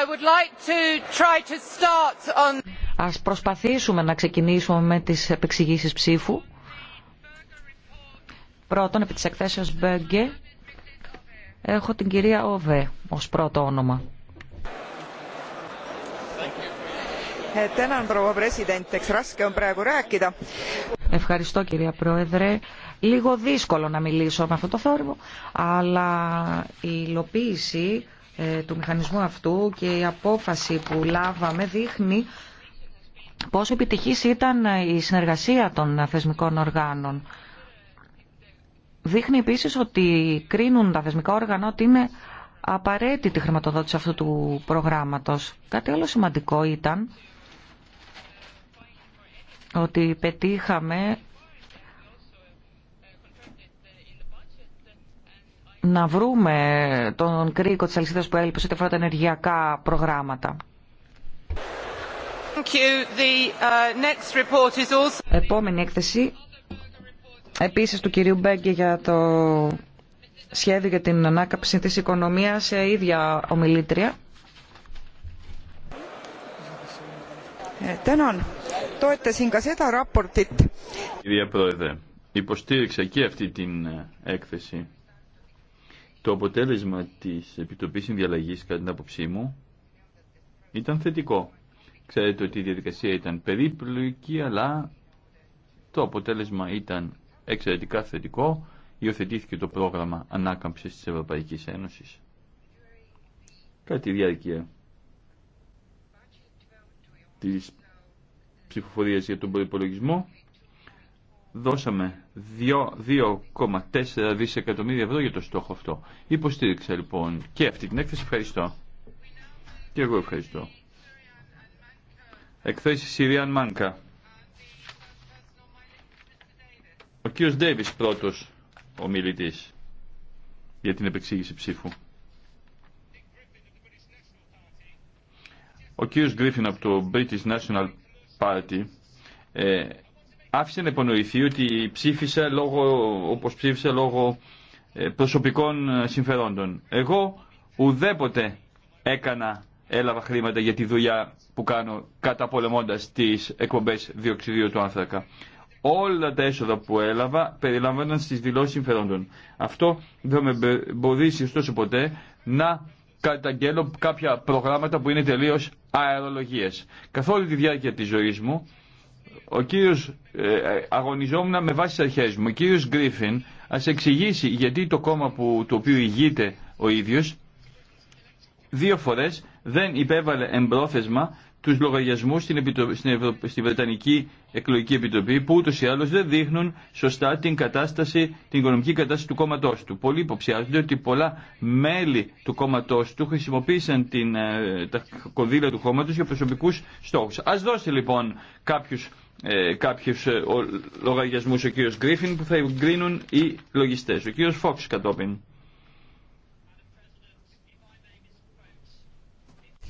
I Ας προσπαθήσουμε να ξεκινήσουμε με τις επεξηγήσεις ψήφου. Πρώτον, επί της εκθέσεως Μπέγκε, έχω την κυρία Οβέ ως πρώτο όνομα. Ε, Ευχαριστώ κυρία Πρόεδρε. Λίγο δύσκολο να μιλήσω με αυτό το θόρυβο, αλλά η υλοποίηση ε, του μηχανισμού αυτού και η απόφαση που λάβαμε δείχνει πόσο επιτυχής ήταν η συνεργασία των θεσμικών οργάνων. Δείχνει επίσης ότι κρίνουν τα θεσμικά όργανα ότι είναι απαραίτητη χρηματοδότηση αυτού του προγράμματος. Κάτι άλλο σημαντικό ήταν ότι πετύχαμε να βρούμε τον κρίκο της αλυσίδας που έλειπε σε τα ενεργειακά προγράμματα. Uh, Επόμενη έκθεση, επίσης του κυρίου Μπέγκε για το σχέδιο για την ανάκαψη της οικονομίας σε ίδια ομιλήτρια. Ε, τένον, συγκασέτα ράπορτιτ. Κυρία Πρόεδρε, υποστήριξα και αυτή την ε, έκθεση το αποτέλεσμα της Επιτροπής Συνδιαλλαγής, κατά την άποψή μου, ήταν θετικό. Ξέρετε ότι η διαδικασία ήταν περίπλοκη, αλλά το αποτέλεσμα ήταν εξαιρετικά θετικό. Υιοθετήθηκε το πρόγραμμα ανάκαμψης της Ευρωπαϊκής Ένωσης. Κατά τη διάρκεια της ψηφοφορίας για τον προϋπολογισμό, δώσαμε 2,4 δισεκατομμύρια ευρώ για το στόχο αυτό. Υποστήριξα λοιπόν και αυτή την έκθεση. Ευχαριστώ. Και εγώ ευχαριστώ. Εκθέση Σιριάν Μάνκα. Ο κύριος Ντέιβις πρώτος μιλήτης, για την επεξήγηση ψήφου. Ο κύριος Γκρίφιν από το British National Party ε, άφησε να υπονοηθεί ότι ψήφισε λόγω, όπως ψήφισε λόγω ε, προσωπικών ε, συμφερόντων. Εγώ ουδέποτε έκανα, έλαβα χρήματα για τη δουλειά που κάνω καταπολεμώντας τις εκπομπές διοξιδίου του άνθρακα. Όλα τα έσοδα που έλαβα περιλαμβάνονταν στις δηλώσεις συμφερόντων. Αυτό δεν με εμποδίσει ωστόσο ποτέ να καταγγέλω κάποια προγράμματα που είναι τελείως αερολογίες. Καθ' όλη τη διάρκεια της μου ο κύριος, ε, αγωνιζόμουν με βάση τις αρχές μου, ο κύριος Γκρίφιν ας εξηγήσει γιατί το κόμμα που, το οποίο ηγείται ο ίδιος δύο φορές δεν υπέβαλε εμπρόθεσμα τους λογαριασμούς στην, στην, Ευρω... Βρετανική Εκλογική Επιτροπή που ούτως ή άλλως δεν δείχνουν σωστά την, κατάσταση, την οικονομική κατάσταση του κόμματός του. Πολλοί υποψιάζονται ότι πολλά μέλη του κόμματός του χρησιμοποίησαν την, ε, τα κονδύλια του κόμματος για προσωπικούς στόχους. Ας δώσει λοιπόν κάποιους, ε, κάποιους ε, ο, λογαριασμούς ο κύριος Γκρίφιν που θα εγκρίνουν οι λογιστές. Ο κύριος Φόξ κατόπιν.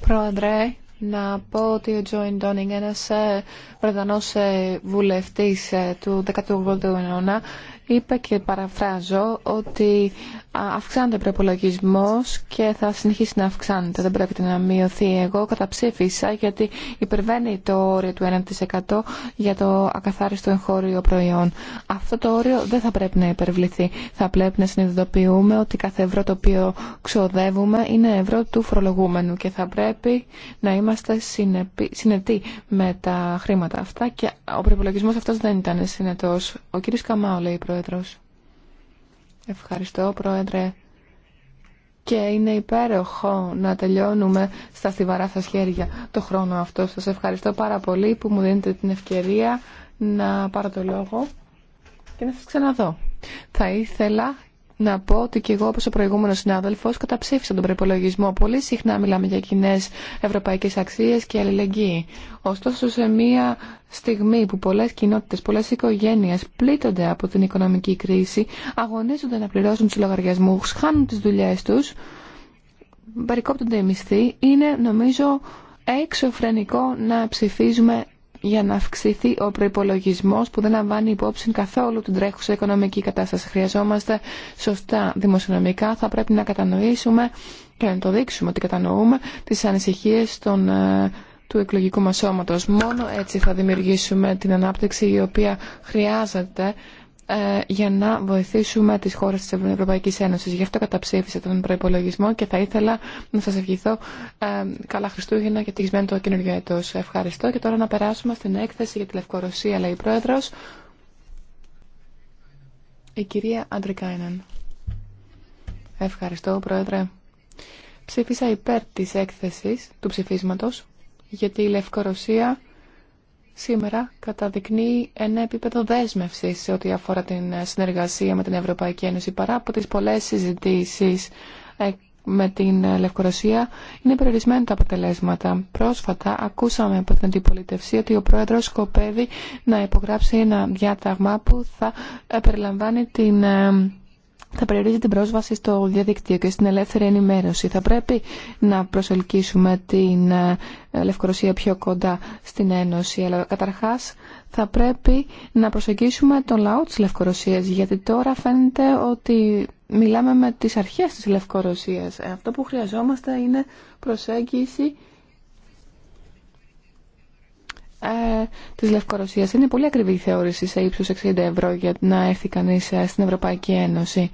Πρόεδρε, να πω ότι ο Τζόιν Ντόνιγκ, ένας ε, Βρετανό ε, βουλευτής ε, του 18ου αιώνα, είπε και παραφράζω ότι αυξάνεται ο προπολογισμό και θα συνεχίσει να αυξάνεται. Δεν πρέπει να μειωθεί. Εγώ καταψήφισα γιατί υπερβαίνει το όριο του 1% για το ακαθάριστο εγχώριο προϊόν. Αυτό το όριο δεν θα πρέπει να υπερβληθεί. Θα πρέπει να συνειδητοποιούμε ότι κάθε ευρώ το οποίο ξοδεύουμε είναι ευρώ του φορολογούμενου και θα πρέπει να είμαστε συνετοί με τα χρήματα αυτά και ο προπολογισμό αυτό δεν ήταν συνετό. Ο κ. Καμάου, λέει η Πρόεδρος. Ευχαριστώ, Πρόεδρε. Και είναι υπέροχο να τελειώνουμε στα στιβαρά σας χέρια το χρόνο αυτό. Σας ευχαριστώ πάρα πολύ που μου δίνετε την ευκαιρία να πάρω το λόγο και να σας ξαναδώ. Θα ήθελα να πω ότι και εγώ, όπω ο προηγούμενο συνάδελφο, καταψήφισα τον προπολογισμό. Πολύ συχνά μιλάμε για κοινέ ευρωπαϊκέ αξίε και αλληλεγγύη. Ωστόσο, σε μία στιγμή που πολλέ κοινότητε, πολλέ οικογένειε πλήττονται από την οικονομική κρίση, αγωνίζονται να πληρώσουν του λογαριασμού, χάνουν τι δουλειέ του, περικόπτονται οι μισθοί, είναι νομίζω έξωφρενικό να ψηφίζουμε για να αυξηθεί ο προπολογισμό που δεν λαμβάνει υπόψη καθόλου την τρέχουσα οικονομική κατάσταση. Χρειαζόμαστε σωστά δημοσιονομικά. Θα πρέπει να κατανοήσουμε και να το δείξουμε ότι κατανοούμε τις ανησυχίες των, ε, του εκλογικού μας σώματος. Μόνο έτσι θα δημιουργήσουμε την ανάπτυξη η οποία χρειάζεται ε, για να βοηθήσουμε τις χώρες της Ευρωπαϊκής Ένωσης. Γι' αυτό καταψήφισα τον προϋπολογισμό και θα ήθελα να σας ευχηθώ ε, καλά Χριστούγεννα και τυχισμένο το καινούργιο έτος. Ευχαριστώ και τώρα να περάσουμε στην έκθεση για τη Λευκορωσία, λέει η Πρόεδρος, η κυρία Αντρικάιναν. Ευχαριστώ, Πρόεδρε. Ψήφισα υπέρ της έκθεσης του ψηφίσματος, γιατί η Λευκορωσία σήμερα καταδεικνύει ένα επίπεδο δέσμευση σε ό,τι αφορά την συνεργασία με την Ευρωπαϊκή Ένωση παρά από τις πολλέ συζητήσει ε, με την Λευκορωσία είναι περιορισμένα τα αποτελέσματα. Πρόσφατα ακούσαμε από την αντιπολιτευσή ότι ο πρόεδρος σκοπεύει να υπογράψει ένα διάταγμα που θα ε, περιλαμβάνει την ε, θα περιορίζει την πρόσβαση στο διαδικτύο και στην ελεύθερη ενημέρωση. Θα πρέπει να προσελκύσουμε την ε, Λευκορωσία πιο κοντά στην Ένωση. Αλλά καταρχάς θα πρέπει να προσεγγίσουμε τον λαό της Λευκορωσίας γιατί τώρα φαίνεται ότι μιλάμε με τις αρχές της Λευκορωσίας. Ε, αυτό που χρειαζόμαστε είναι προσέγγιση ε, της Λευκορωσίας. Είναι πολύ ακριβή η θεώρηση σε ύψους 60 ευρώ για να έρθει κανείς στην Ευρωπαϊκή Ένωση.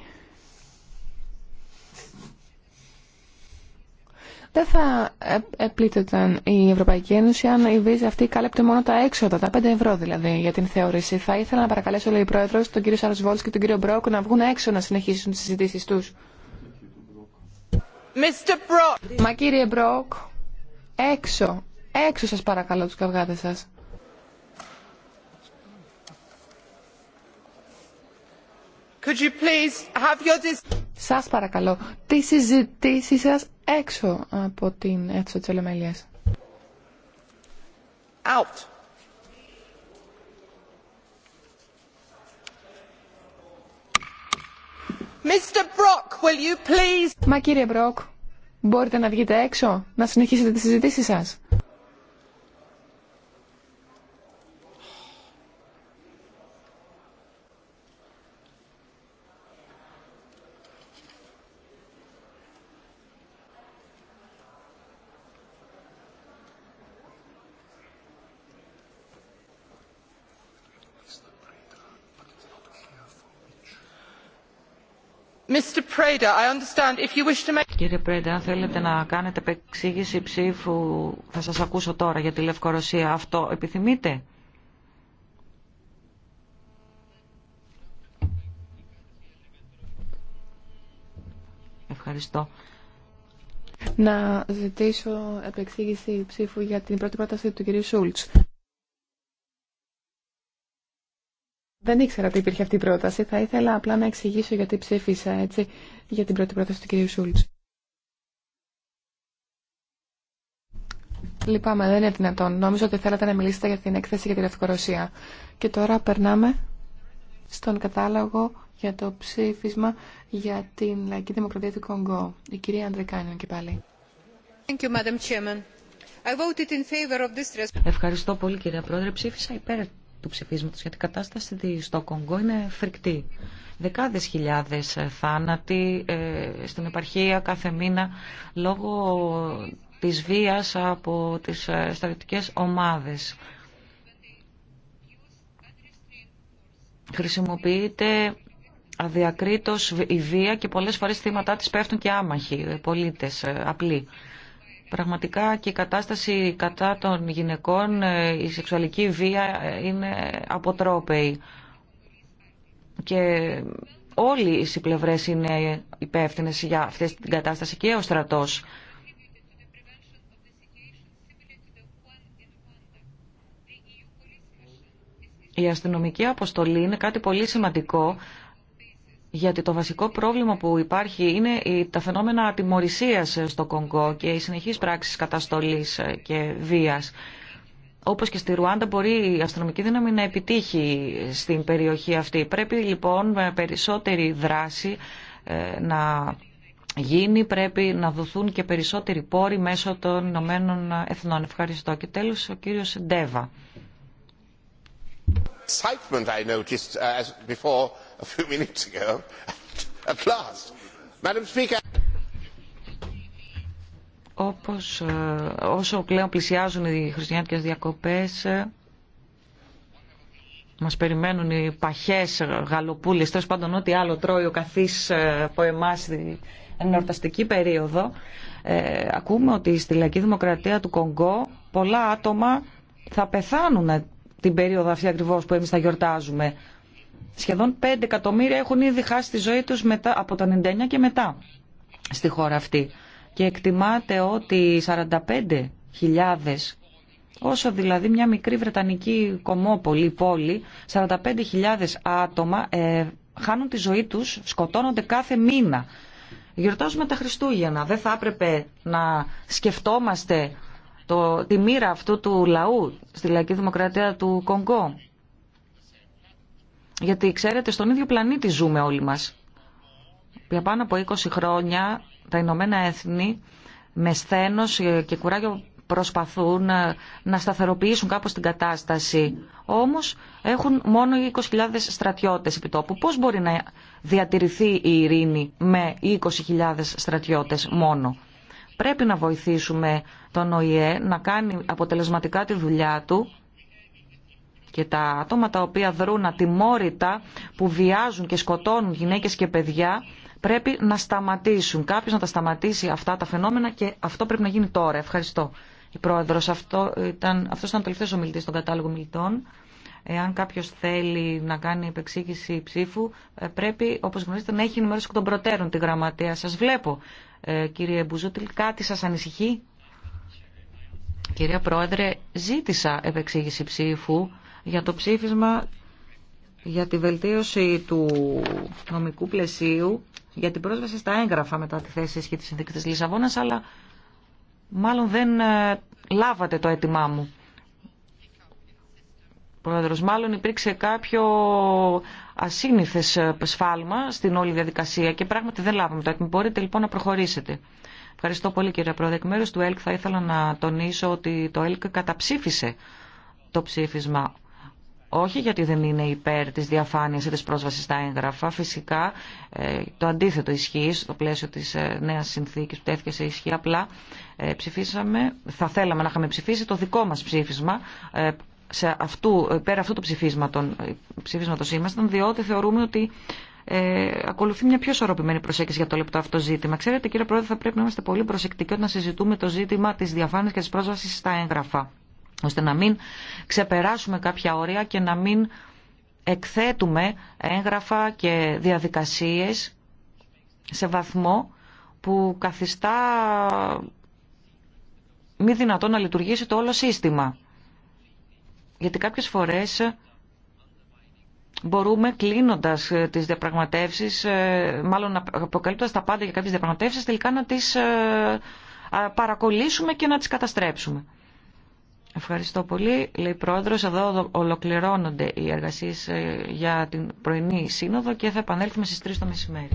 δεν θα ε, επλήττονταν η Ευρωπαϊκή Ένωση αν η βίζα αυτή κάλεπτε μόνο τα έξοδα, τα 5 ευρώ δηλαδή, για την θεώρηση. Θα ήθελα να παρακαλέσω, λέει η Πρόεδρο, τον κύριο Σάρο και τον κύριο Μπρόκ να βγουν έξω να συνεχίσουν τι συζητήσει του. Μα κύριε Μπρόκ, έξω, έξω σας παρακαλώ τους καυγάδε σα. Could you please have your... Σας παρακαλώ, τις συζητήσεις σας έξω από την αίθουσα της Ολομέλειας. Out. Mr. Brock, will you please... Μα κύριε Μπροκ, μπορείτε να βγείτε έξω, να συνεχίσετε τη συζήτησή σας. Κύριε Πρέντα, αν θέλετε να κάνετε επεξήγηση ψήφου, θα σας ακούσω τώρα για τη Λευκορωσία. Αυτό επιθυμείτε? Ευχαριστώ. Να ζητήσω επεξήγηση ψήφου για την πρώτη πρόταση του κυρίου Σούλτς. Δεν ήξερα ότι υπήρχε αυτή η πρόταση. Θα ήθελα απλά να εξηγήσω γιατί ψήφισα έτσι για την πρώτη πρόταση του κ. Σούλτ. Λυπάμαι, δεν είναι δυνατόν. Νόμιζα ότι θέλατε να μιλήσετε για την έκθεση για τη Λευκορωσία. Και τώρα περνάμε στον κατάλογο για το ψήφισμα για την Λαϊκή Δημοκρατία του Κονγκό. Η κυρία Αντρεκάνιον και πάλι. Ευχαριστώ πολύ κυρία Πρόεδρε. Ψήφισα υπέρ του ψηφίσματο, γιατί η κατάσταση στο Κονγκό είναι φρικτή. Δεκάδες χιλιάδες ε, θάνατοι ε, στην επαρχία κάθε μήνα λόγω της βίας από τις ε, στρατιωτικές ομάδες. Χρησιμοποιείται αδιακρίτως η βία και πολλές φορές θύματα της πέφτουν και άμαχοι πολίτες απλοί. Πραγματικά και η κατάσταση κατά των γυναικών, ε, η σεξουαλική βία ε, είναι αποτρόπαιη. Και όλοι οι πλευρές είναι υπεύθυνες για αυτή την κατάσταση και ο στρατός. Η αστυνομική αποστολή είναι κάτι πολύ σημαντικό γιατί το βασικό πρόβλημα που υπάρχει είναι τα φαινόμενα ατιμορρησίας ε, στο Κονγκό και οι συνεχείς πράξεις καταστολής ε, και βίας. Όπως και στη Ρουάντα μπορεί η αστυνομική δύναμη να επιτύχει ε, στην περιοχή αυτή. Πρέπει λοιπόν με περισσότερη δράση να γίνει, πρέπει να δοθούν και περισσότεροι πόροι μέσω των Ηνωμένων Εθνών. Ευχαριστώ. Και τέλος ο κύριος Ντέβα a few minutes ago. Madam Όπως ε, όσο πλέον πλησιάζουν οι χριστιανικές διακοπές, ε, μας περιμένουν οι παχές γαλοπούλες, τέλο πάντων ό,τι άλλο τρώει ο καθής ε, από εμάς ενορταστική περίοδο, ε, ακούμε ότι στη Λαϊκή Δημοκρατία του Κονγκό πολλά άτομα θα πεθάνουν την περίοδο αυτή ακριβώς που εμείς θα γιορτάζουμε. Σχεδόν 5 εκατομμύρια έχουν ήδη χάσει τη ζωή τους μετά, από το 99 και μετά στη χώρα αυτή. Και εκτιμάται ότι 45.000, όσο δηλαδή μια μικρή βρετανική κομμόπολη, πόλη, 45.000 άτομα ε, χάνουν τη ζωή τους, σκοτώνονται κάθε μήνα. Γιορτάζουμε τα Χριστούγεννα. Δεν θα έπρεπε να σκεφτόμαστε το, τη μοίρα αυτού του λαού στη Λαϊκή Δημοκρατία του Κονγκό. Γιατί ξέρετε, στον ίδιο πλανήτη ζούμε όλοι μας. Για πάνω από 20 χρόνια τα Ηνωμένα Έθνη με σθένος και κουράγιο προσπαθούν ε, να σταθεροποιήσουν κάπως την κατάσταση. Όμως έχουν μόνο 20.000 στρατιώτες επί τόπου. Πώς μπορεί να διατηρηθεί η ειρήνη με 20.000 στρατιώτες μόνο. Πρέπει να βοηθήσουμε τον ΟΗΕ να κάνει αποτελεσματικά τη δουλειά του και τα άτομα τα οποία δρούν ατιμόρυτα, που βιάζουν και σκοτώνουν γυναίκες και παιδιά, πρέπει να σταματήσουν. Κάποιος να τα σταματήσει αυτά τα φαινόμενα και αυτό πρέπει να γίνει τώρα. Ευχαριστώ. Η πρόεδρος, αυτό ήταν, αυτός ήταν ο τελευταίος ομιλητή στον κατάλογο μιλητών. Εάν κάποιος θέλει να κάνει επεξήγηση ψήφου, ε, πρέπει, όπως γνωρίζετε, να έχει ενημερώσει και τον προτέρων τη γραμματεία. Σας βλέπω, ε, κύριε Μπουζούτιλ, κάτι σας ανησυχεί. Κυρία Πρόεδρε, ζήτησα επεξήγηση ψήφου για το ψήφισμα για τη βελτίωση του νομικού πλαισίου για την πρόσβαση στα έγγραφα μετά τη θέση και τη συνθήκη της Λισαβόνας, αλλά μάλλον δεν ε, λάβατε το αίτημά μου. Πρόεδρος, μάλλον υπήρξε κάποιο ασύνηθες ε, σφάλμα στην όλη διαδικασία και πράγματι δεν λάβαμε το αίτημα. Μπορείτε λοιπόν να προχωρήσετε. Ευχαριστώ πολύ κύριε Πρόεδρε. Εκ μέρους του ΕΛΚ θα ήθελα να τονίσω ότι το ΕΛΚ καταψήφισε το ψήφισμα όχι γιατί δεν είναι υπέρ της διαφάνειας ή της πρόσβασης στα έγγραφα. Φυσικά ε, το αντίθετο ισχύει στο πλαίσιο της ε, νέας συνθήκης που τέθηκε σε ισχύ. Απλά ε, ψηφίσαμε, θα θέλαμε να είχαμε ψηφίσει το δικό μας ψήφισμα σε αυτού, πέρα αυτού του ψηφίσματος ήμασταν, διότι θεωρούμε ότι ε, ακολουθεί μια πιο σωροπημένη προσέγγιση για το λεπτό αυτό ζήτημα. Ξέρετε, κύριε Πρόεδρε, θα πρέπει να είμαστε πολύ προσεκτικοί όταν συζητούμε το ζήτημα τη διαφάνεια και τη πρόσβαση στα έγγραφα ώστε να μην ξεπεράσουμε κάποια όρια και να μην εκθέτουμε έγγραφα και διαδικασίες σε βαθμό που καθιστά μη δυνατόν να λειτουργήσει το όλο σύστημα. Γιατί κάποιες φορές μπορούμε κλείνοντας τις διαπραγματεύσεις, ε, μάλλον αποκαλύπτοντας τα πάντα για κάποιες διαπραγματεύσεις, τελικά να τις ε, παρακολύσουμε και να τις καταστρέψουμε. Ευχαριστώ πολύ. Λέει Πρόεδρος, εδώ ολοκληρώνονται οι εργασίε ε, για την πρωινή σύνοδο και θα επανέλθουμε στις 3 το μεσημέρι.